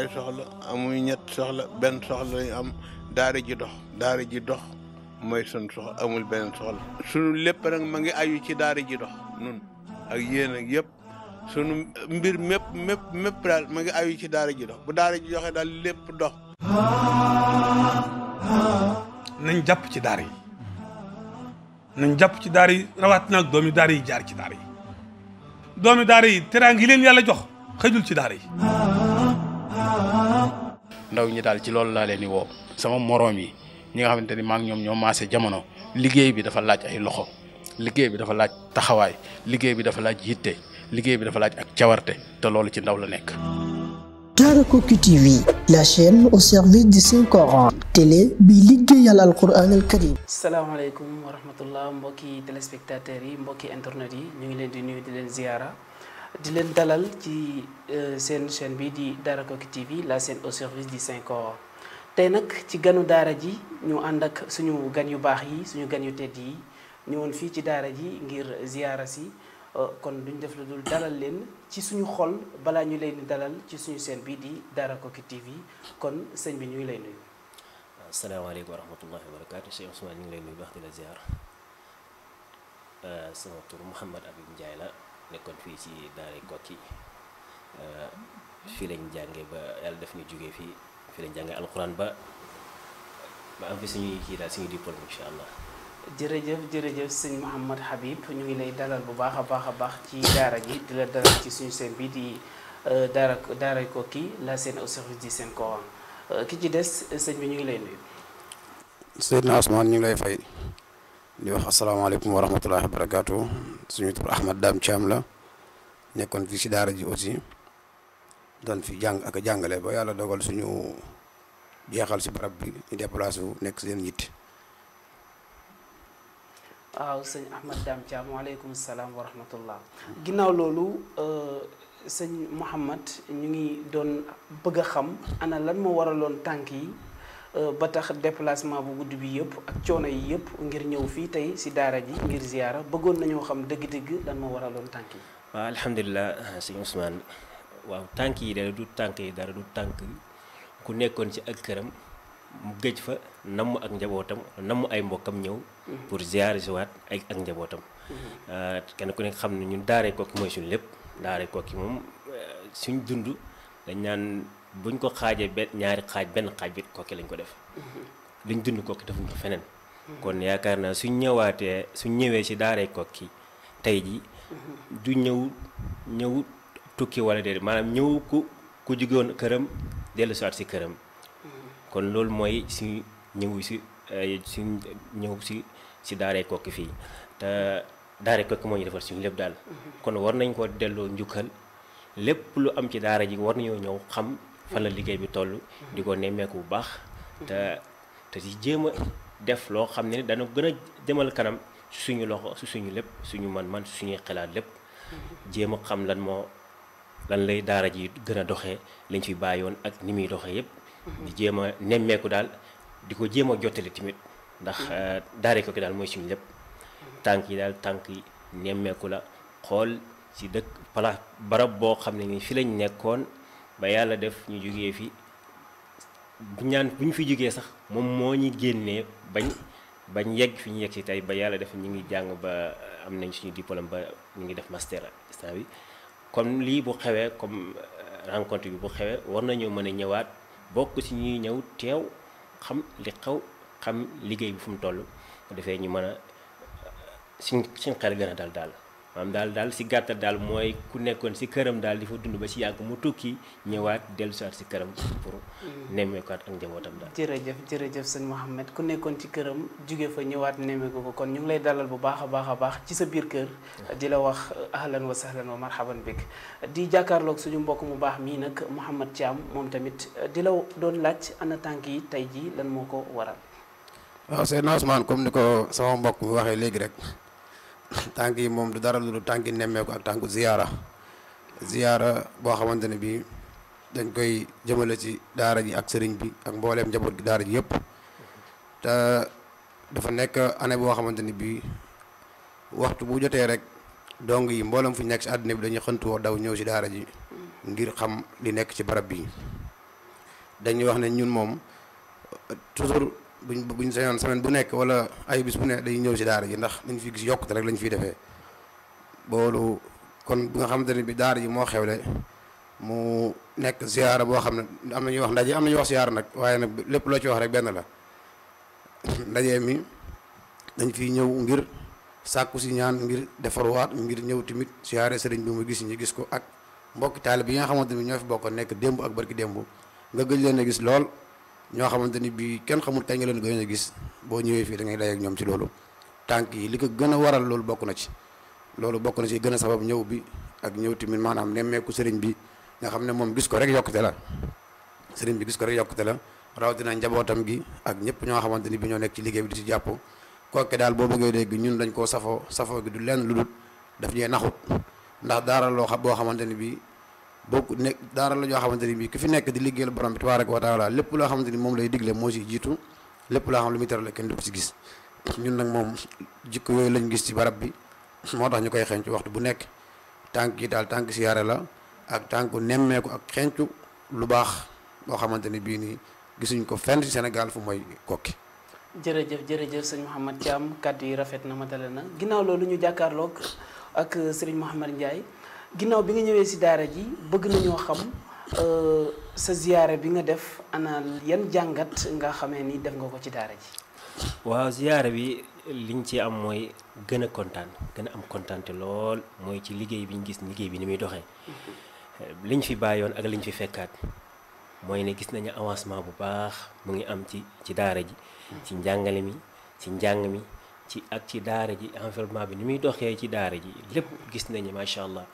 ñaari soxla amuñu ñett soxla benn soxla lañu am daara ji dox daara ji dox mooy sun soxla amul benn soxla sunu lépp ma ngi ayu ci daara ji dox nun ak yéen ak sunu mbir mépp mépp mépp daal ma ngi ayu ci daara ji dox bu daara ji doxee daal lépp dox nañ jàpp ci daara yi jàpp ci daara yi doomi daara yi jaar ci daara yi doomi daara yàlla jox xëjul ci daar yi ndaw ñi daal ci loolu laa leen di woo sama moroom yi ñi nga xamante ni maa ngi ñoom ñoo maase jamono liggéey bi dafa laaj ay loxo liggéey bi dafa laaj taxawaay liggéey bi dafa laaj yitte liggéey bi dafa laaj ak cawarte te loolu ci ndaw la nekk. Daarakoki TV la chaîne au service du Saint Coran télé bi liggéeyal al Quran al Karim. salaamaaleykum wa rahmatullah mbokki téléspectateurs yi mbokki internet yi ñu ngi leen di nuyu di leen ziyaara. di leen dalal ci euh, seen chaîne bii di dara Koki TV la seen au service di Saint Coran tey nag ci ganu daara ji ñu ànd ak suñu gan yu baax yi suñu gan yu tedd yi ñëwoon fii ci daara ji ngir ziyaara si euh, kon duñu def lu dul dalal leen ci suñu xol balaa ñu leen dalal ci suñu seen bii di dara Koki TV kon sëñ bi ñu ngi lay nuyu. asalaamaaleykum wa rahmatullahi wa barakaatu Cheikh Ousmane ñu ngi lay nuyu baax di la ziyaar euh, sama tur Mouhamed Habib jaay la. nekkoon fii ci daare Koki euh, fii lañ jànge ba yàlla def ñu jóge fii fii lañ jànge alxuraan ba ba am fi suñuy kii daal suñuy diplôme incha allah. jërëjëf jërëjëf sëñ Mouhamad Habib ñu ngi lay dalal bu baax a baax a baax ci daara ji di la dalal ci suñu seen bi di euh, daara daara Koki la seen au service du seen Coran euh, ki ci des sëñ bi ñu ngi lay nuyu. Seydina Ousmane ñu lay fay. ni wax asalaamaaleykum wa rahmatullahi wa barakaatu suñu tur Ahmad Dame Thiam la nekkoon fii si daara ji aussi doon fi jàng ak jàngale ba yàlla dogal suñu jeexal si barab bi ñu déplacé wu nekk seen yitt. waaw sëñ Ahmad Dame Thiam waaleykum salaam wa rahmatullah ginnaaw loolu euh, sëñ Mouhamad ñu ngi doon bëgg a xam ana lan moo waraloon tànk yi. Euh, ba tax déplacement bu guddi bii yëpp ak coono yi yëpp ngir ñëw fii tey si daara ji ngir ziyaara bëggoon nañu xam dëgg-dëgg lan moo waraloon tànk yi. waaw alhamdulilah euh, sëñ Ousmane waaw tànk yi dara du tànk yi dara du tànk ku nekkoon ci ak këram mu gëj fa namm ak njabootam namm ay mbokkam ñëw. Mhm. pour ziyaara si waat ay ak njabootam. Mhm. Euh, kenn ku nekk xam ne ñu daaree kooki mooy suñu lépp daaree kooki moom suñ dund dañ naan. buñ ko xaajee benn ñaari xaaj benn xaaj bi kokki lañ ko def liñ dund kokki defuñ ko feneen kon yaakaar na suñ ñëwaatee suñ ñëwee ci daaray kokki tey ji du ñëw ñëw tukki wala déedéet maanaam ñëw ku ku jugoon këram dellu si si këram kon loolu mooy si ñëw si si ñëw si si daaray kokki fii te daara kokki moo ñu defar suñu lépp daal kon war nañ ko delloo njukkal lépp lu am ci daara ji war nañoo ñëw xam fan la liggéey bi toll di ko nemmeeku bu baax te te di jéem a def loo xam ne dana gën a demal kanam suñu loxo suñu lépp suñu man-man suñu suñuy xalaat lépp jéem a xam lan moo lan lay daara ji gën a doxee lañ fi bàyyoon ak ni muy doxee yépp di jéem a nemmeeku daal di ko jéem a jottali tamit ndax mm-hmm. euh, daare ko ki daal mooy suñu lépp mm-hmm. tànk yi daal tànk yi nemmeeku la xool ci dëkk palaas barab boo xam ne ni fi lañ nekkoon ba yàlla def ñu jógee fi bu ñaan bu ñu fi jógee sax moom moo ñu génnee bañ bañ yegg fi ñu yegg si tey ba yàlla def ñu ngi jàng ba uh, am nañ suñu diplôme ba ñu ngi def master instant bi comme lii bu xewee comme uh, rencontre bi bu xewee war nañoo mën a ñëwaat bokk ci ñuy ñëw teew xam li xaw xam liggéey bi fu mu toll bu defee ñu mën a uh, suñ suñ xel gën a dal daal maanaam daal daal si gàttal daal mooy ku nekkoon si këram daal di fa dund ba si yàgg mu tukki ñëwaat dellusiwaat si këram pour mm. nemmeekuwaat ak njabootam daal. jërëjëf jërëjëf sëñ Mouhamed ku nekkoon ci këram jóge fa ñëwaat nemmeeku ko kon ñu lay dalal bu baax a baax a baax ci sa biir kër di la wax ahlan wa sahlan wa marhaban bik di jàkkaarlook suñu mbokk mu baax mii nag ci am moom tamit di la doon laaj ana tànk yi tey jii lan moo ko waral. waaw sëñ Ousmane ni ko sama mbokk mi waxee rek. tànk yi moom du dara lu tànki nemmeeku ak tànku ziyaara ziyaara boo xamante ne bii dañ koy jëmale ci daara ji ak sëriñ bi ak mbooleem njaboot gi daara ji yëpp te dafa nekk année boo xamante ni bii waxtu bu jotee rek dong yi mboolem fu nekk si àddina bi dañuy xëntuwoo daw ñëw si daara ji ngir xam li nekk ci barab bi dañuy wax ne ñun moom toujours buñ buñ sañoon semaine bu nekk wala ay bis bu nekk dañuy ñëw si daara ji ndax dañ fi gis yokkute rek lañ fiy defee boolu kon bi nga xamante ne bi daara ji moo xewle mu nekk ziyaara boo xam ne am na ñuy wax ndaje am na ñuy nag waaye nag lépp loo ci wax rek benn la ndaje mi dañ fiy ñëw ngir sàkku si ñaan ngir defarwaat ngir ñëw tamit ziyaare sëriñ bi mu gis ñu gis ko ak mbokki taalibe yi nga xamante ni ñoo fi bokkoon nekk démb ak barki démb nga gëj leen gis lool ñoo xamante ni bii kenn xamul kañ nga leen gën a gis boo ñëwee fii da ngay dajeek ñoom ci loolu tànk yi li ko gën a waral loolu bokk na ci loolu bokk na ci gën a sabab ñëw bi ak ñëw tamit maanaam nemmeeku sëriñ bi nga xam ne moom gis ko rek yokkute la sëriñ bi gis ko rek yokkute la rawatina njabootam gi ak ñëpp ñoo xamante ni bi ñoo nekk ci liggéey bi di ci jàpp kooke daal boo bëggee dégg ñun dañ koo safoo safoo gi du lenn lu dul daf ñee naxut ndax daara ni bi bokk nekk daara la joo xamante ni bii ku fi nekk di liggéeyal borom bi tabaaraka wa taala lépp loo xamante ni moom lay digle moo si jiitu lépp loo xam lu muy teral la kenn du ko si gis ñun nag moom jikko yooyu lañ gis ci barab bi moo tax ñu koy xenc waxtu bu nekk tànk yi daal tànk siyaare la ak tànk nemmeeku ak xencu lu baax boo xamante ni bii nii gisuñ ko fenn ci Sénégal fu mooy kokki jërëjëf jërëjëf sëñ Mouhamed Thiam kàddu yi rafet na matale na ginnaaw loolu ñu jàkkaarloog ak sëriñ Mouhamed Ndiaye ginnaaw bi nga ñëwee si daara ji bëgg nañoo xam euh, sa ziyaare bi nga def ana yan jàngat nga xamee ni def nga ko ci daara ji. waaw ziyaare bi liñ ci am mooy gën a kontaan gën a am kontaante lool mooy ci liggéey bi ñu gis liggéey bi ni muy doxee. Mhm. liñ fi bàyyoon ak liñ fi fekkaat mooy ne gis nañu avancement bu baax mu ngi am ci ci daara ji. Mhm. ci njàngale mi ci njàng mi ci ak ci daara ji environnement bi ni muy doxee ci daara ji lépp gis nañu macha allah.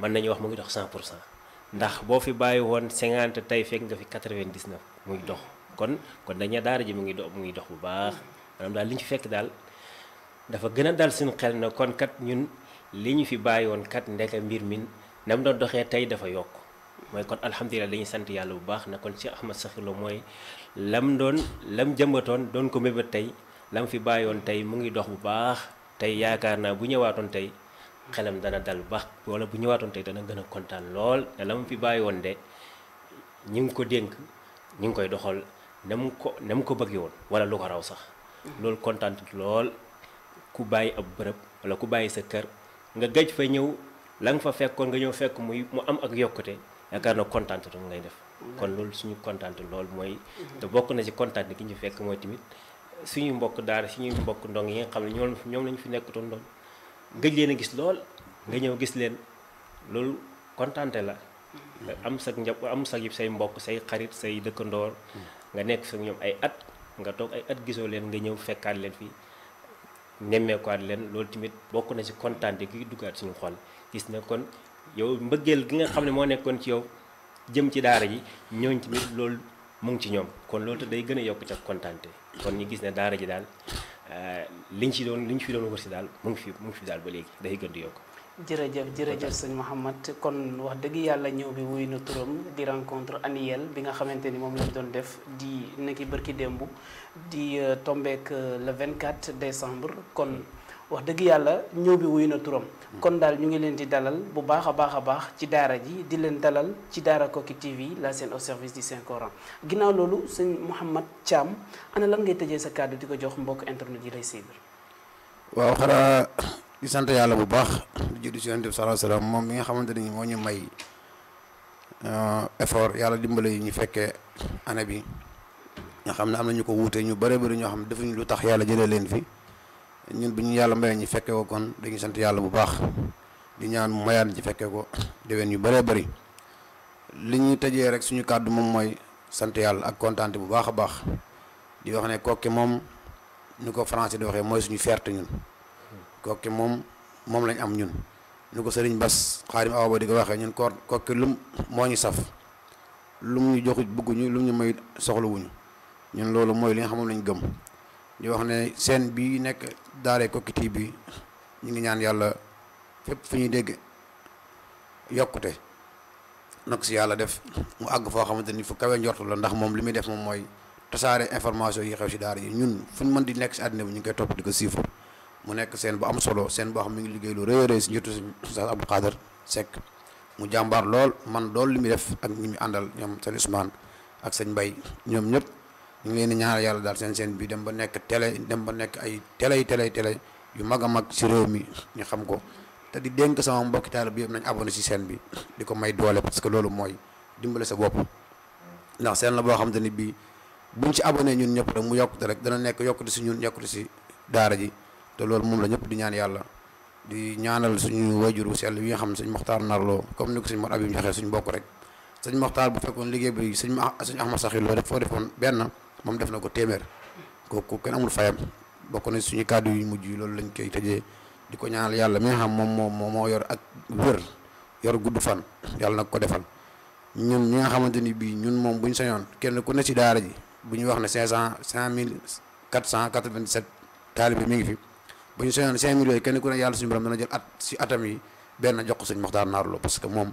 mën nañu wax mu ngi dox 100 pour cent ndax boo fi bàyyi woon 50 tey fekk nga fi na muy dox kon kon dañu daara ji mu ngi dox mu ngi dox bu baax maanaam daal li ñu fi fekk daal dafa gën a dal suñu xel ne kon kat ñun li ñu fi bàyyi woon kat ndeke mbir mi na mu doon doxee tey dafa yokk mooy kon alhamdulilah dañuy sant yàlla bu baax na kon Cheikh Ahmad Sakhir Lo mooy lam doon lam jëmbatoon doon ko mébét tey lam fi bàyyoon tey mu ngi dox bu baax tey yaakaar naa bu ñëwaatoon tey xelam dana dal baax wala bu ñëwaatoon tey dana gën a kontaan lool te la mu fi bàyyi woon de ñi ngi ko dénk ñi ngi koy doxal na mu ko na mu ko bëggee woon wala lu ko raw sax mm-hmm. loolu kontaan lool ku bàyyi ab bërëb wala ku bàyyi sa kër nga gëj fa ñëw la nga fa fekkoon nga ñëw fekk muy mu am ak yokkute yaakaar na kontaan loolu ngay def mm-hmm. kon loolu suñu kontaan lool mooy mm-hmm. te bokk na ci kontaan ki ñu fekk mooy tamit suñu mbokk daara ñu mbokk ndong yi nga xam ne ñoom ñoom lañu fi nekkatoon doon gëj leen a gis lool nga ñëw gis leen loolu kontante la mm-hmm. am sag njab am sag yi say mbokk say xarit say dëkkandoor mm-hmm. nga nekk fi ñoom ay at nga toog ay at gisoo leen nga ñëw fekkaat leen fii nemmeekuwaat leen loolu tamit bokk na si kontante gi duggaat suñu xol gis ne kon yow mbëggeel gi nga xam ne moo nekkoon ci yow jëm ci daara ji ñooñ tamit loolu mu ngi ci ñoom kon loolu te day gën a yokk ca kontante kon ñu gis ne daara ji daal Euh, liñ ci doon liñ fi doon wër si daal mu ngi fi mu ngi fi daal ba léegi day gën di yokk. jërëjëf jërëjëf sëñ Mouhamad kon wax dëgg yàlla ñëw bi wuy na turam di rencontre annuelle bi nga xamante ni moom lañ doon def di niki bërki démb di euh, tombeek euh, le 24 décembre kon wax dëgg yàlla ñëw bi wuy na turam. kon daal ñu ngi leen di dalal bu baax a baax a baax ci daara ji di leen dalal ci daara Koki TV la seen au service di seen Coran ginnaaw loolu sëñ Mouhamad Thiam ana lan ngay tëjee sa kàddu di ko jox mbokk internet yi lay suivre. waaw xanaa di sant yàlla bu baax di juddu si yonent bi sallallahu alayhi wasallam moom mi nga xamante ne moo ñu may euh, effort yàlla dimbale yi ñu fekkee année bi nga xam ne am na ñu ko wuute ñu bare bëri ñoo xam ne defuñu lu tax yàlla jëlee leen fi. ñun bi ñu yàlla mayee ñu fekkee ko kon dañuy sant yàlla bu baax di ñaan mu mayaat ci fekke ko déwén yu baree bëri li ñu tëjee rek suñu kàddu moom mooy sant yàlla ak kontaante bu baax a baax di wax ne Koki moom ñu ko français di waxee mooy suñu fierté ñun Koki moom moom lañ am ñun ñu ko sëriñ Bas Xaadim Awa Ba di ko waxee ñun ko kokki lum moo ñu saf lum ñu jox bëgguñu lum ñu may soxlawuñu ñun loolu mooy li nga xam ne lañ gëm di wax ne seen bi nekk daaree Koki TV bi ñu ngi ñaan yàlla fépp fu ñuy dégg yokkute nag si yàlla def mu àgg foo xamante ni fu kawe njortu la ndax moom li muy def moom mooy tasaare information yi xew si daar yi ñun fu ñu mën di nekk si àddina bi ñu ngi koy topp di ko siifo mu nekk seen bu am solo seen boo xam mi ngi liggéey lu rëy a rëy si njiitu Oustaz Abdou Khadre Seck mu jàmbaar lool man lool li muy def ak ñi mu àndal ñoom sëñ Ousmane ak sëñ Mbaye ñoom ñëpp ñu ngi leen di ñaanal yàlla daal seen seen bi dem ba nekk télé dem ba nekk ay télé yu mag a mag si réew mi ñu xam ko te di dénk sama mbokki taal bi yëpp nañ abonné si seen bi di ko may doole parce que loolu mooy dimbale sa bopp ndax seen boo xam te ni bii buñ ci abonné ñun ñëpp rek mu yokkute rek dana nekk yokkute si ñun yokkute si daara ji te loolu moom la ñëpp di ñaan yàlla di ñaanal suñu wajuru sell yi nga xam ne suñ Moxtaar narloo comme ni ko suñ Mor Abim joxee suñ bokk rek suñ Moxtaar bu fekkoon liggéey bi suñ suñu Ahmad Saxir loo def foo defoon benn moom def na ko téeméer kooku kenn amul fayam bokk na suñu kàddu yu mujj yi loolu lañu koy tëjee di ko ñaanal yàlla mi nga xam moom moo moo yor ak wër yor gudd fan yàlla na ko defal ñun ñi nga xamante ni bii ñun moom bu ñu sañoon kenn ku ne si daara ji bu ñuy wax ne cinq cent cinq mille quatre cent quatre-vingt-sept taalibe mi ngi fi bu ñu sañoon cinq mille yooyu kenn ku ne yàlla suñu borom dana jël at si atam yi benn jox ko suñu Moxtaar Naarlo parce que moom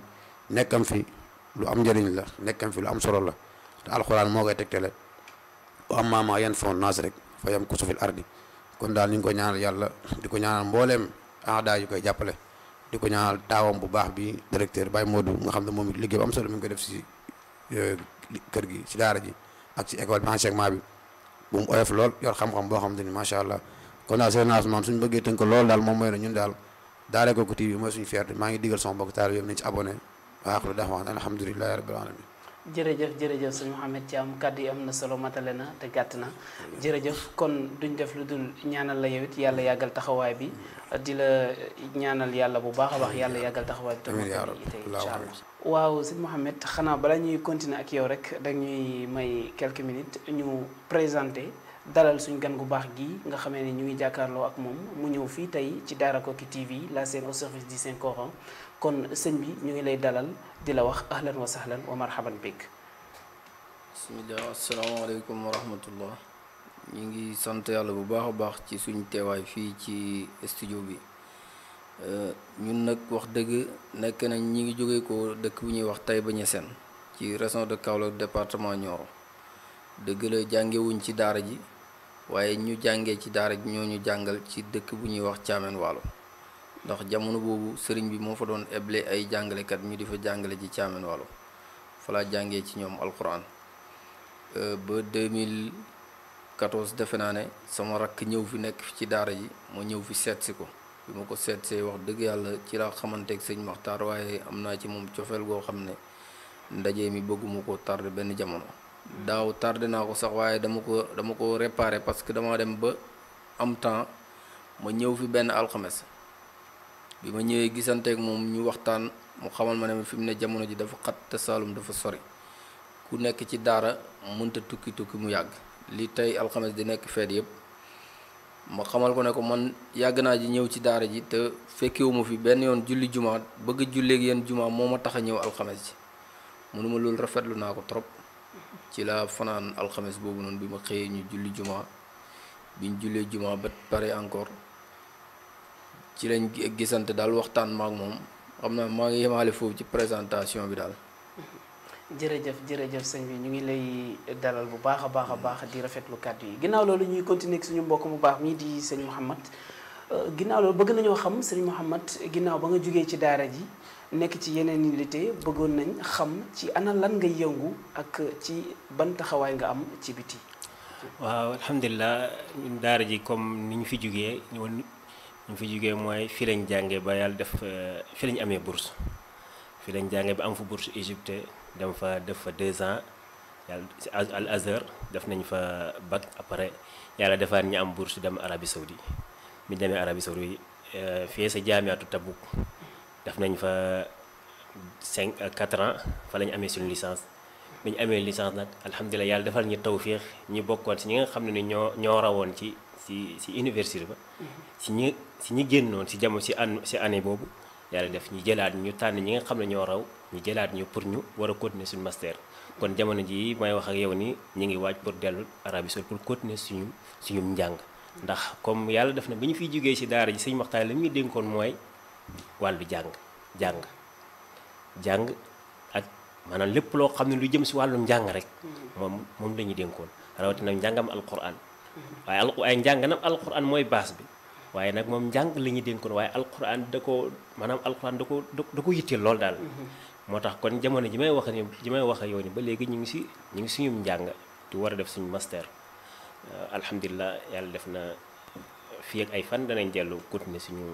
nekkam fi lu am njëriñ la nekkam fi lu am solo la te alxuraan moo koy tegtale amma ma yan faw naas rek fa yam ku sufil ardi kon daal ñu ko ñaanal yàlla di ko ñaanal mbooleem aada yu koy jàppale di ko ñaanal taawam bu baax bi directeur Baye Modou nga xam ne moom it liggéey bu am solo mi ngi ko def si euh, kër gi si daara ji ak si école bi enseignement bi bu mu oyof lool yor xam-xam boo xam te ni macha allah kon daal seen naas maam suñu bëggee tënk lool daal moom mooy ne ñun daal Daara Koki TV mooy suñu fierté maa ngi digal sama mbokk taal yëpp nañ ci abonné waaw jërëjëf jërëjëf sëñ Mouhamed Thiam kàddu yi am na solo matale na te gàtt na jërëjëf kon duñ def lu dul ñaanal la yow yowit yàlla yàggal taxawaay bi di la ñaanal yàlla bu baax a baax yàlla yàggal taxawaay bi te incha allah waaw sëñ Mouhamed xanaa balaa ñuy continuer ak yow rek dañuy may quelques minutes ñu présenter dalal suñ gan gu baax gi nga xamee ne ñu ngi jàkkaarloo ak moom mu ñëw fii tey ci Daara Koki TV la chaîne au service di seen Coran kon sëñ bi ñu ngi lay dalal di la wax ahlan wa sahlan wa marhaban bik bismillah asalaamaaleykum wa rahmatullah ñu ngi sant yàlla bu baax a baax ci suñu teewaay fii ci studio bi euh, ñun nag wax dëgg nekk nañ ñi ngi jóge ko dëkk bu ñuy wax Taïba Niassène ci région de Kaolack département Nioro dëgg la jàngewuñ ci daara ji waaye ñu jàngee ci daara ji ñoo ñu jàngal ci dëkk bu ñuy wax Thiamène Waalo ndax jamono boobu sëriñ bi moo fa doon eble ay jàngalekat ñu di fa jàngale ci Caamen Waalo fa laa jàngee ci ñoom alquran euh, ba 2014 defe naa ne sama rakk ñëw fi nekk ci daara ji ma ñëw fi seetsi ko bi ma ko seetsee wax dëgg yàlla ci laa xamanteeg sëñ Maxtaar waaye am naa ci moom cofeel goo xam ne ndaje mi bëgguma ko tardé benn jamono daaw tardé naa ko sax waaye dama ko dama ko réparé parce que dama dem ba am temps ma ñëw fi benn alxames bi ma ñëwee gisanteek moom ñu waxtaan mu xamal ma ne fi mu ne jamono ji dafa xat te Saalum dafa sori ku nekk ci daara mënta tukki tukki mu yàgg li tey alxames di nekk feet yëpp ma xamal ko ne ko man yàgg naa ji ñëw ci daara ji te fekkewuma fi benn yoon julli jumaa bëgg julleeg yéen jumaa moo ma tax a ñëw alxames ji mënuma loolu rafetlu naa ko trop ci la fanaan alxames boobu noonu bi ma xëyee ñu julli jumaa biñ jullee jumaa ba pare encore ci lañ gisante daal waxtaan maak moom xam naa maa ngi yemaale foofu ci présentation bi daal. jërëjëf jërëjëf sëñ bi ñu ngi lay dalal bu baax a baax a baax di rafetlu kàddu yi ginnaaw loolu ñuy continuer suñu mbokk mu baax mii di sëñ Mouhamad euh, ginnaaw loolu bëgg nañoo xam sëñ Mouhamad ginnaaw ba nga jógee ci daara ji nekk ci yeneen unité bëggoon nañ xam ci ana lan nga yëngu ak ci ban taxawaay nga am ci biti. waaw alhamdulilah daara ji comme ni ñu fi jógee ñu fi jugee mooy fii lañ jàngee ba yàlla def fii lañ amee bourse fii lañ jànge ba am fu bourse Égypte dem fa def fa deux ans yàlla si Al Azhar def nañ fa bac après yàlla defaat ñu am bourse dem Arabie Saoudi mi demee Arabie Saoudi euh, fii sa jaamiatu Tabuk def nañ fa cinq quatre ans fa lañ amee suñu licence bi ñu amee licence nag alhamdulilah yàlla defal ñu tawféex ñi bokkoon ci ñi nga xam ne ni ñoo ñoo rawoon ci si si université ba. si mm-hmm. ñi génnoon si jamono si an si année boobu yàlla def ñu jëlaat ñu tànn ñi nga xam ne ñoo raw ñu jëlaat ñu pour ñu war a continuer suñu master. kon jamono jii may wax ak yow ni ñu ngi waaj pour dellu Arabie Saoudite pour continuer suñu suñu njàng. ndax comme yàlla def na bi ñu fiy jógee si daara ji sëñ Maxtaar li mu dénkoon mooy wàllu jàng jàng jàng. maanaam lépp loo xam ne lu jëm si wàllu njàng rek moom moom lañuy ñu dénkoon rawatina njàngam alquran waaye al waaye njànganam alquran mooy baas bi waaye nag moom njàng la ñu dénkoon waaye alquran da ko maanaam alquran da ko da ko yitteel lool daal moo tax kon jamono ji may wax ni ji may wax yoon yi ba léegi ñu ngi si ñu ngi suñu njàng di war a def suñu master alhamdulilah yàlla def na fii ak ay fan danañ dellu continuer suñu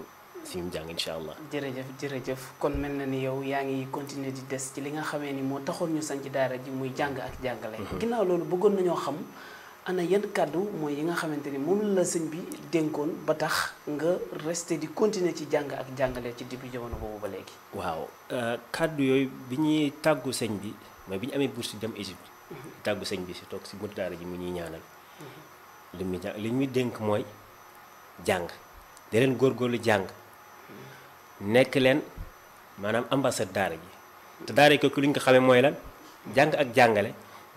suñu jàng incha allah. jërëjëf jërëjëf kon mel na ni yow yaa ngi continuer di des ci li nga xamee ni moo taxoon ñu sanc daara ji muy jàng ak jàngale. Mhm. ginnaaw loolu bëggoon xam ana yan kàddu mooy yi nga xamante ni moom la sëñ bi dénkoon ba tax nga resté di continuer ci jàng ak jàngale ci début jamono boobu ba léegi. waaw euh, kàddu yooyu bi ñuy tàggu sëñ bi mooy bi ñu amee bourse dem Égypte. Mhm. tàggu sëñ bi si toog si buntu ji mu ñuy ñaanal. Mhm. li li muy dénk mooy jàng. da leen góorgóorlu jàng. nekk leen maanaam ambassade daara ji te daara ko li ñu ko xamee mooy lan jàng ak jàngale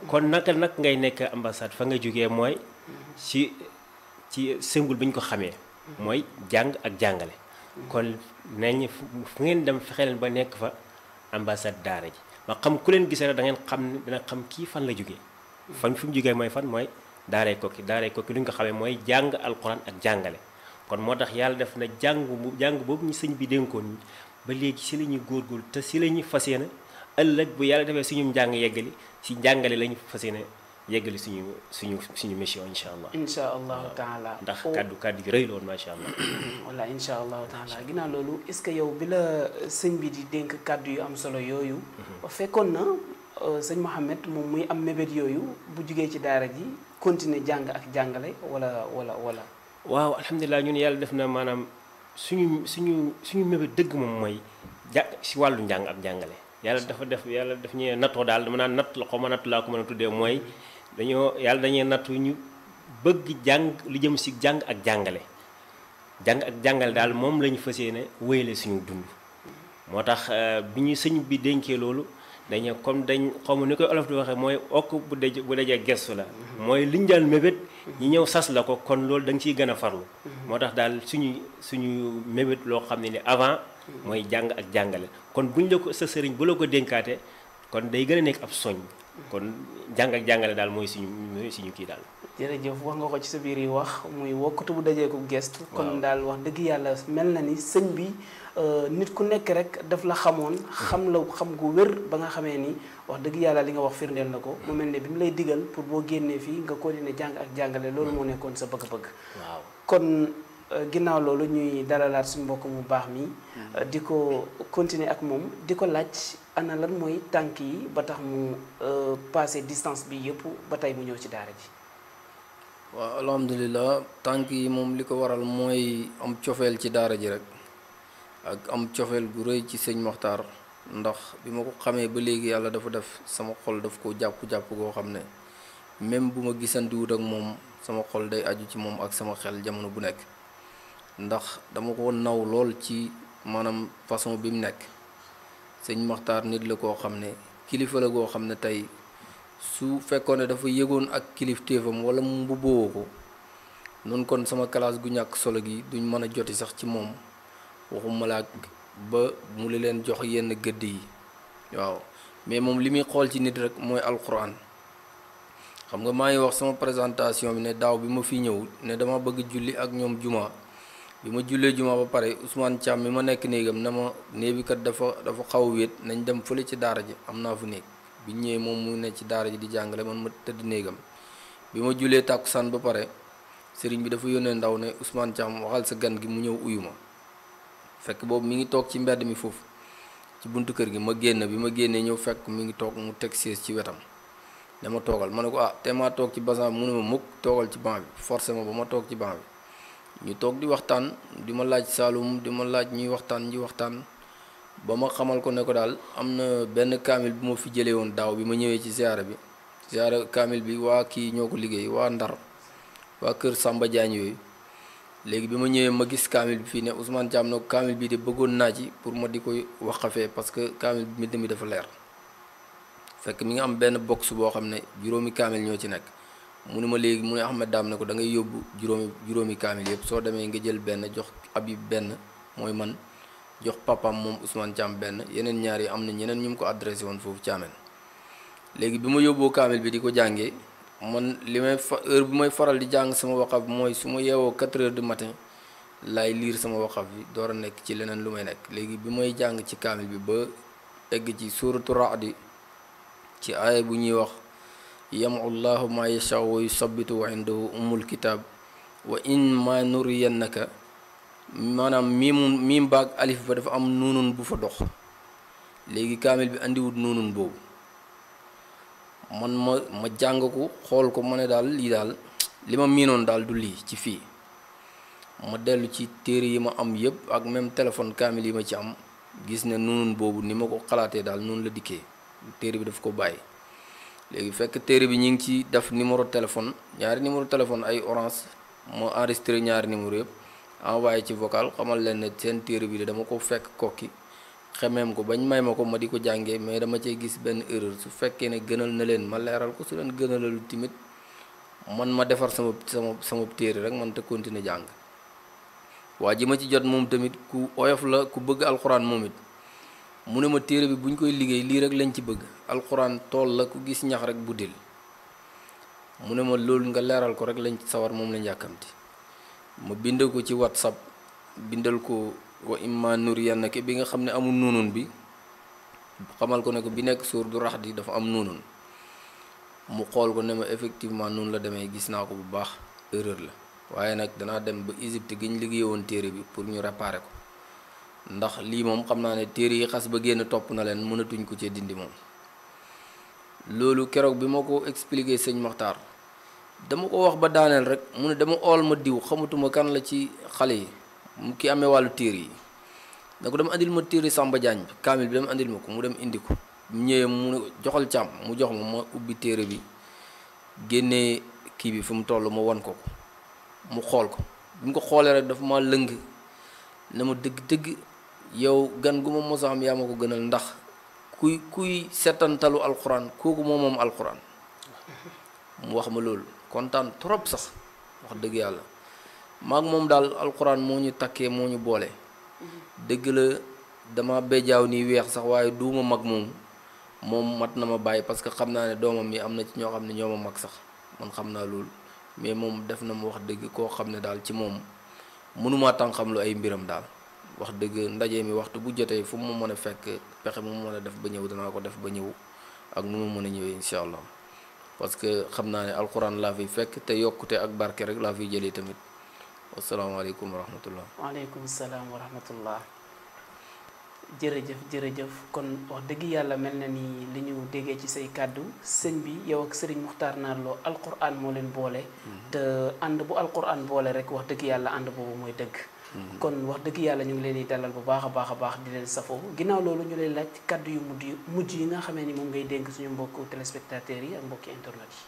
kon naka nag ngay nekk ambassade fa nga jógee mooy ci ci symbole bi ñu ko xamee mooy jàng ak jàngale kon nañ fu ngeen dem fexe leen ba nekk fa ambassade daara ji ma xam ku leen gisee rek da ngeen xam dina xam kii fan la jógee fan fi mu jógee mooy fan mooy daaray kokki daaray kokki li ñu ko xamee mooy jàng alquran ak jàngale kon moo tax yàlla def na jàng jàng boobu ñu sëñ bi dénkoon ba léegi si la ñuy góorgóorlu te si la ñuy fas yéene ëllëg bu yàlla defee suñu njàng yeggali si njàngale lañu fas yéene yeggali suñu suñu suñu mission incha allah. incha allahu taala ndax oh. kàddu kàddu gi rëy loon macha allah. wala incha allahu taala ginnaaw loolu est ce que yow bi la sëñ bi di dénk kàddu yu am solo yooyu. Mhm. fekkoon na euh, sëñ Mouhamed moom muy am mébét yooyu bu jugee ci daara ji continuer jàng ak jàngale wala wala wala. waaw alhamdulilah ñun yàlla def na maanaam suñu suñu suñu mébét dëgg moom mooy jà si wàllu njàng ak njàngale yàlla dafa def yàlla def ñee nattoo daal dama naan natt la xaw natt laa ko mën a tuddee mooy dañoo yàlla dañee nattu ñu bëgg jàng lu jëm si jàng ak jàngale jàng ak jàngale daal moom lañu ñu fas yéene wéyale suñu dund moo tax euh, bi ñu sëñ bi dénkee loolu dañu comme dañ xawma ni koy olof di waxee mooy okk bu daj bu dajee gestu la mooy liñ daan mébét ñi ñëw sas la ko kon loolu da ciy gën a farlu moo tax daal suñu suñu mébét loo xam ne ni avant mooy jàng ak jàngale kon buñ la ko sa sëriñ bu la ko dénkaate kon day gën a nekk ab soñ kon jàng jàngale daal mooy suñu mooy kii daal jërëjëf wax nga ko ci sa biir yi wax muy wokkatu bu dajee ko gestu kon daal wax dëgg yàlla mel na ni sëñ bi Euh, nit ku nekk rek daf la xamoon xam la xam gu wér ba nga xamee ni wax dëgg yàlla li nga wax firndeel na ko. mu mel ne bi mu lay diggal pour boo génnee fii nga continuer jàng ak jàngale loolu moo nekkoon sa bëgg-bëgg. waaw kon euh, ginnaaw loolu ñuy dalalaat suñu mbokk bu baax mi. Hmm. Euh, di ko continuer ak moom di ko laaj ana lan mooy tànk yi ba tax mu passé distance bi yëpp ba tey mu ñëw ci daara ji. waaw alhamdulilah tànk yi moom li ko waral mooy am cofeel ci daara ji rek. ak am cofeel gu rëy ci sëñ Moxtaar ndax bi ma ko xamee ba léegi yàlla dafa def sama xol daf ko jàpp-jàpp goo xam ne même bu ma gisandiwut ak moom sama xol day aju ci moom ak sama xel jamono bu nekk ndax dama ko naw lool ci maanaam façon bi mu nekk sëñ Moxtaar nit la koo xam ne kilifa la goo xam ne tey su fekkoon ne dafa yëgoon ak kilifteefam wala mu mbubboo ko noonu kon sama classe gu ñàkk solo gi duñ mën a joti sax ci moom waxuma la ba mu li leen jox yenn gëdd yi waaw mais moom li muy xool ci nit rek mooy alxuraan xam nga maa ngi wax sama présentation bi ne daaw bi ma fi ñëw ne dama bëgg julli ak ñoom juma bi ma jullee juma ba pare Ousmane Thiam mi ma nekk néegam na ma néeg bi dafa dafa xaw wéet nañ dem fële ci daara ji am naa fu néeg bi ñëwee moom mu ne ci daara ji di jàngale man ma tëdd néegam bi ma jullee tàkkusaan ba pare sëriñ bi dafa yónnee ndaw ne Ousmane Thiam waxal sa gan gi mu ñëw uyu ma fekk boobu mi ngi toog ci mbedd mi foofu ci buntu kër gi ma génn bi ma génnee ñëw fekk mi ngi toog mu teg siis ci wetam dama toogal ma ne ko ah te maa toog ci basan bi mu ne ma mukk toogal ci banc bi forcé ma ba ma toog ci banc bi ñu toog di waxtaan di ma laaj saalum di ma laaj ñuy waxtaan ñuy waxtaan ba ma xamal ko ne ko daal am na benn kaamil bu ma fi jëlee woon daaw bi ma ñëwee ci ziara bi ziara kaamil bi waa kii ñoo ko liggéey waa Ndar waa kër Samba Diagne léegi bi ma ñëwee ma gis kaamil bi fii ne Ousmane Thiam nag kaamil bii de bëggoon naa ci pour ma di koy waxafee parce que kaamil bi mbind mi dafa leer fekk mi nga am benn box boo xam ne juróomi kaamil ñoo ci nekk mu ne ma léegi mu ne na daam ne ko da ngay yóbbu juróomi juróomi kaamil yëpp soo demee nga jël benn jox Habib benn mooy man jox papaam moom Ousmane Thiam benn yeneen ñaar yi am na ñeneen ñu mu ko adressé woon foofu Thiamène léegi bi ma yóbboo kaamil bi di ko jàngee. man li may fa heure bu may faral di jàng sama waxaf mooy su ma yeewoo 4 heures du matin laay liir sama waxaf bi door a nekk ci leneen lu may nekk léegi bi may jàng ci kaamil bi ba egg ci suuratu raadi ci aaya bu ñuy wax yamu llahu ma yashaa wa yusabitu wa indahu umul maanaam miimu miim ba dafa am nuunun bu fa bi andiwut nuunun boobu man ma ma jàng ko xool ko ma ne daal lii daal li ma miinoon daal du lii ci fii ma dellu ci téere yi ma am yëpp ak même téléphone kaamil yi ma ci am gis ne noonu boobu ni ma ko xalaatee daal noonu la dikkee téere bi daf ko bàyyi léegi fekk téere bi ñu ngi ci def numéro téléphone ñaari numéro téléphone ay orange ma enregistré ñaari numéro yëpp envoyé ci vocal xamal leen ne seen téere bi de dama ko fekk kokki xemeem ko bañ may ma ko ma di ko jàngee mais dama cee gis benn erreur su fekkee ne gënal na leen ma leeral ko su leen gënalalu timit man ma defar sama sama sama téere rek man te continuer jàng waa ji ma ci jot moom tamit ku oyof la ku bëgg alxuraan moom it mu ne ma téere bi buñ koy liggéey lii rek lañ ci bëgg alxuraan tool la ku gis ñax rek buddil mu ne ma loolu nga leeral ko rek lañ ci sawar moom lañ yàkkamti ma bind ko ci whatsapp bindal ko wa imma nuriyannaka bi nga xam ne amul nuunun bi xamal ko ne ko bi nekk suur du rax yi dafa am nuunun mu xool ko ne ma effectivement noonu la demee gis naa ko bu baax erreur la waaye nag danaa dem ba Égypte gi ñu woon téere bi pour ñu réparer ko ndax lii moom xam naa ne téere yi xas ba génn topp na leen mënatuñ ko cee dindi moom loolu keroog bi ma ko expliqué sëñ Maxtaar dama ko wax ba daaneel rek mu ne dama ool ma diw xamatuma kan la ci xale yi mu ki amee wàllu tiir yi da ko dem andil ma tiir yi Samba Diagne kaamil bi dem andil ma ko mu dem indi ko mu ñëwee mu joxal càmm mu jox ma ma ubbi téere bi génnee kii bi fu mu toll ma won ko mu xool ko bi mu ko xoolee rek dafa ma lëng na ma dëgg-dëgg yow gan gu ma mos a xam yaa ma ko gënal ndax kuy kuy setantalu alxuraan kooku moom moom alxuraan mu wax ma loolu kontaan trop sax wax dëgg yàlla maag moom daal alxuraan moo ñu takkee moo ñu boole dëgg la dama bejaaw nii weex sax waaye du ma mag moom moom mat na ma bàyyi parce que xam naa ne doomam yi am na ci ñoo xam ne ñoo ma mag sax man xam naa loolu mais moom def na ma wax dëgg koo xam ne daal ci moom mënumaa tànqam lu ay mbiram daal wax dëgg ndaje mi waxtu bu jotee fu mu mën a fekk pexe mu mën a def ba ñëw danaa ko def ba ñëw ak nu mën a ñëwee incha allah parce que xam naa ne alxuraan laa fiy fekk te yokkute ak barke rek laa fiy jëlee tamit asalaamaaleykum wa rahmatullah waaleykum salaam wa rahmatullah jërëjëf jërëjëf kon wax dëgg yàlla mel na ni li ñu déggee ci say kàddu sëñ bi yow ak sëriñ Muxtaar Naar Lo alquran moo leen boole hmm. te ànd bu al alquran boole rek wax dëgg yàlla ànd boobu mooy dëgg hmm. kon wax dëgg yàlla ñu ngi leen di dalal bu baax baax a baax di leen safoo ginnaaw loolu ñu lay laaj kàddu yu mujj yu mujj yi nga xamee ni moom ngay dénk suñu mbokku téléspectateurs yi ak mbokki internet yi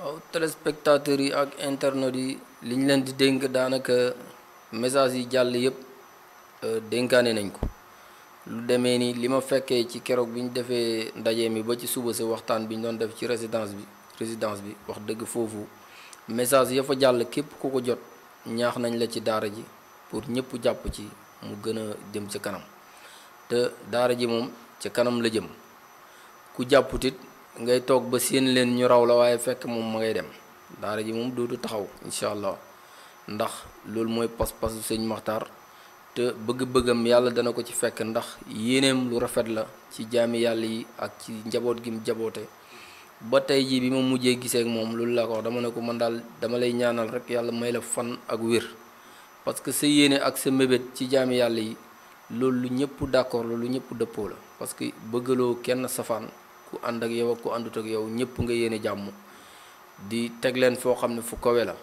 waaw téléspectateurs yi ak internautes yi li ñu leen di dénk daanaka message yi jàll yëpp euh, dénkaane nañ ko lu demee ni li ma fekkee ci keroog bi ñu defee ndaje mi ba ci suba si waxtaan bi ñu doon def ci résidence bi résidence bi wax dëgg foofu message ya fa jàll képp ku ko jot ñaax nañ la ci daara ji pour ñëpp jàpp ci mu gën a jëm ci kanam te daara ji moom ci kanam la jëm ku jàpputit ngay toog ba séen leen ñu raw la waaye fekk moom ma ngay dem daara ji moom du taxaw incha allah ndax loolu mooy pas-pasu sëñ Maxtaar te bëgg-bëggam yàlla dana ko ci fekk ndax yéeneem lu rafet la ci jaami yàlla yi ak ci njaboot gi mu jaboote ba tey jii bi ma mujjee giseek moom loolu laa wax dama ne ko man daal dama lay ñaanal rek yàlla may la fan ak wér parce que sa yéene ak sa mébét ci jaami yàlla yi loolu lu ñëpp d'accord loolu lu ñëpp dëppoo la parce que bëggaloo kenn safaan ku ànd ak yow ak ku àndut ak yow ñëpp nga yéene jàmm di teg leen foo xam ne fu kawe la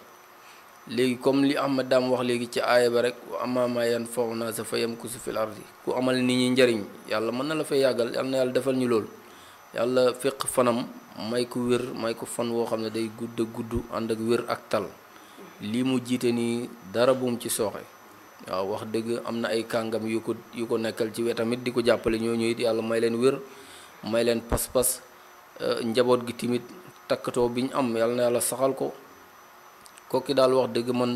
léegi comme li am ma Dame wax léegi ci aaya ba rek amma maa yanfa'u naasa fa yamkusu fil ardi ku amal ni ñi njariñ yàlla mën na la fa yàggal yàlla na yàlla defal ñu loolu yàlla fiq fanam may ko wér may ko fan woo xam ne day gudd a gudd ànd ak wér ak tal lii mu jiite ni dara buum ci sooxe waaw wax dëgg am na ay kàngam yu ko yu ko nekkal ci wetamit di ko jàppale ñoo ñëw it may leen pas-pas euh, njaboot gi timit takkatoo bi ñu am yàlla na yàlla saxal ko kooki daal wax dëgg man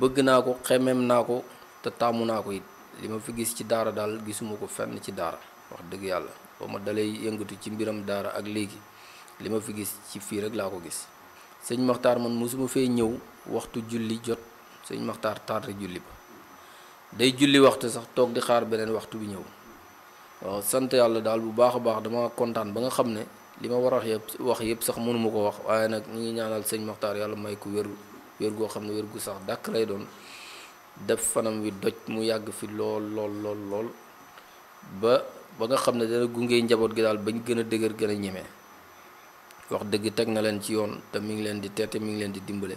bëgg naa ko xemeem naa ko te taamu naa ko it li ma fi gis ci daara daal gisuma ko fenn ci daara wax dëgg yàlla ba ma dalay yëngatu ci mbiram daara ak léegi li ma fi gis ci fii rek laa ko gis sëñ Maxtaar man mosuma fee ñëw waxtu julli jot sëñ Maxtaar tarre julli ba day julli waxtu sax toog di xaar beneen waxtu bi ñëw waaw sant yàlla daal bu baax a baax dama kontaan ba nga xam ne li ma war a wax yëpp wax yëpp sax mënuma ko wax waaye nag ñu ngi ñaanal sëñ Maxtaar yàlla may ko wér wér goo xam ne wér gu sax dàkk lay doon def fanam wi doj mu yàgg fi lool lool lool lool ba ba nga xam ne dana gunge njaboot gi daal bañ gën a dëgër gën a ñeme wax dëgg teg na leen ci yoon te mu ngi leen di teete mi ngi leen di dimbale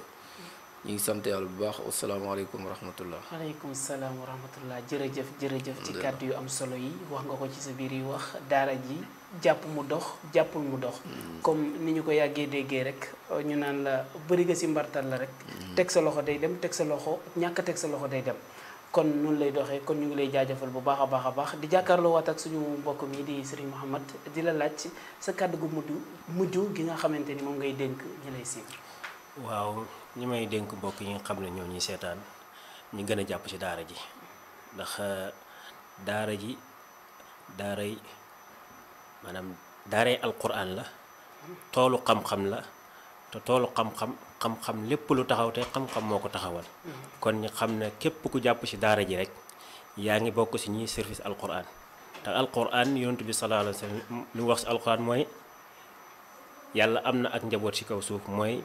ñu ngi sant yàlla bu baax asalaamaaleykum wa rahmatullah waaleykum salaam wa rahmatullah jërëjëf jërëjëf ci kàddu yu am solo yi wax nga ko ci sa biir yi wax daara ji jàpp mu dox jàppul mu dox mm. comme ni ñu ko yàggee déggee rek ñu naan la bëri nga si mbartal la rek mm. teg sa loxo day dem teg sa loxo ñàkk teg sa loxo day dem kon noonu lay doxee kon ñu ngi lay jaajëfal bu baax a baax a baax di jàkkaarloo waat ak suñu mbokk mi di Serigne Mouhamad di la laaj sa kàddu gu mujj mujj gi nga xamante ni moom ngay dénk ñi lay siiw waaw ñi may dénk mbokk yi nga xam ne ñoo ñuy seetaan ñu gën a jàpp ci daara ji ndax euh, daara ji daaray maanaam daaray alquran la toolu xam-xam la te toolu xam-xam xam-xam lépp lu taxaw te xam-xam moo ko taxawal kon ñu xam ne képp ku jàpp ci daara ji rek yaa ngi bokk ci ñuy service alquran te alquran yonent bi sallallahu alayhi wa wax si alquran mooy yàlla am na ak njaboot ci kaw suuf mooy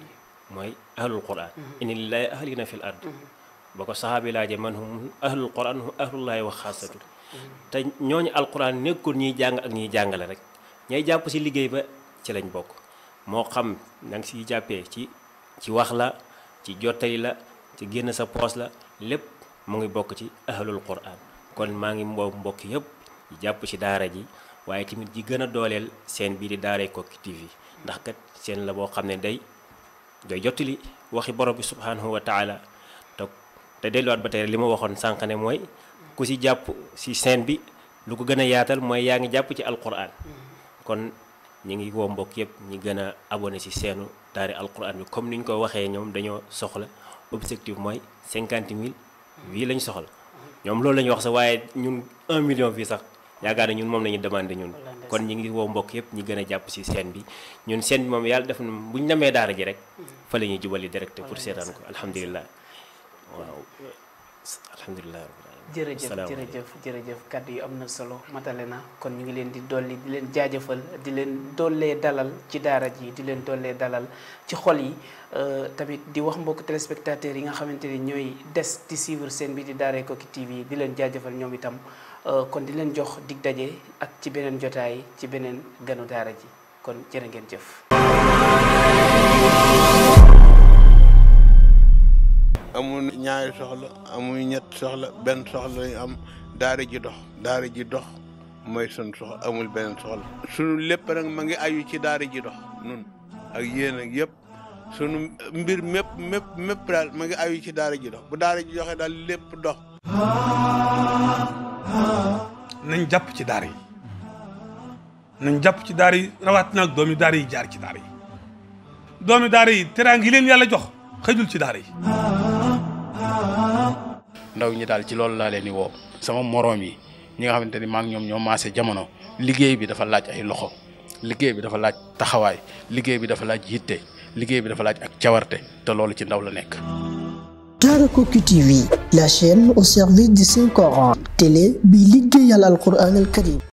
mooy ahlul quran mm-hmm. inna lillahi ahlina fil ard mm-hmm. ba ko saxaabi laaje man hum ahlul quran hum ahlullahi wa mm-hmm. te ñooñu alquran nekkoon ñuy jàng ak ñuy jàngale rek ñay jàpp si liggéey ba ci lañ bokk moo xam na nga jàppee ci ci wax la ci jottali la ci génn sa poos la lépp mu ngi bokk ci ahlul quran kon maa ngi mboobu mbokk yëpp jàpp ci daara ji waaye tamit ji gën a dooleel seen biir di daaray Koki TV ndax kat seen la boo xam ne day ngay jottali waxi borom bi subhanahu wa taala te te delluwaat ba tey li ma waxoon sànq ne mooy ku si jàpp si scène bi lu ko gën a yaatal mooy yaa ngi jàpp ci alquran kon ñi ngi woo mbokk yëpp ñi gën a abonné si seenu daari alquran bi comme ni ñu ko waxee ñoom dañoo soxla objectif mooy cinquante mille wii lañ soxla ñoom loolu la wax sax waaye ñun un million fii sax yaakaar ne ñun moom la ñu demandé ñun kon ñi ngi woo mbokk yëpp ñi gën a jàpp si seen bi ñun seen bi moom yàlla def na bu ñu demee daara ji rek fa la ñuy jubali direct pour seetaan ko alhamdulilah waaw jërëjëf jërëjëf kàddu yi am na solo matale na kon ñu ngi leen di dolli di leen jaajëfal di leen dollee dalal ci daara ji di leen dollee dalal ci xol yi euh, tamit di wax mbokk téléspectateurs yi nga xamante ni ñooy des di suivre seen bi di daaree Koki TV di leen jaajëfal ñoom itam Euh, kon di leen jox dig daje ak ci beneen jotaay ci beneen ganu daara ji kon cere ngeen jëf. amul ñaari soxla amul ñett soxla benn soxla lañu am daara ji dox daara ji dox mooy sunu soxla amul beneen soxla. sunu lépp ma ngi ayu ci daara ji dox nun ak yéen ak yëpp sunu mbir mépp mép mépp daal ma ngi ayu ci daara ji dox bu daara ji doxee daal lépp dox. nañ jàpp ci daar yi nañ jàpp ci daar yi rawaat naag doomi daar yi jaar ci daar yi doomi daar yi teraang yi leen yàlla jox xëjul ci daar yi ndaw ñi daal ci loolu laa leen di woo sama moroom yi ñi nga xamante ni maa ñoom ñoo maase jamono liggéey bi dafa laaj ay loxo liggéey bi dafa laaj taxawaay liggéey bi dafa laaj yitte liggéey bi dafa laaj ak cawarte te loolu ci ndaw la nekk Daarakoki TV la chaîne au service di Saint Coran télé bi liggéeyal al Qur'an al Karim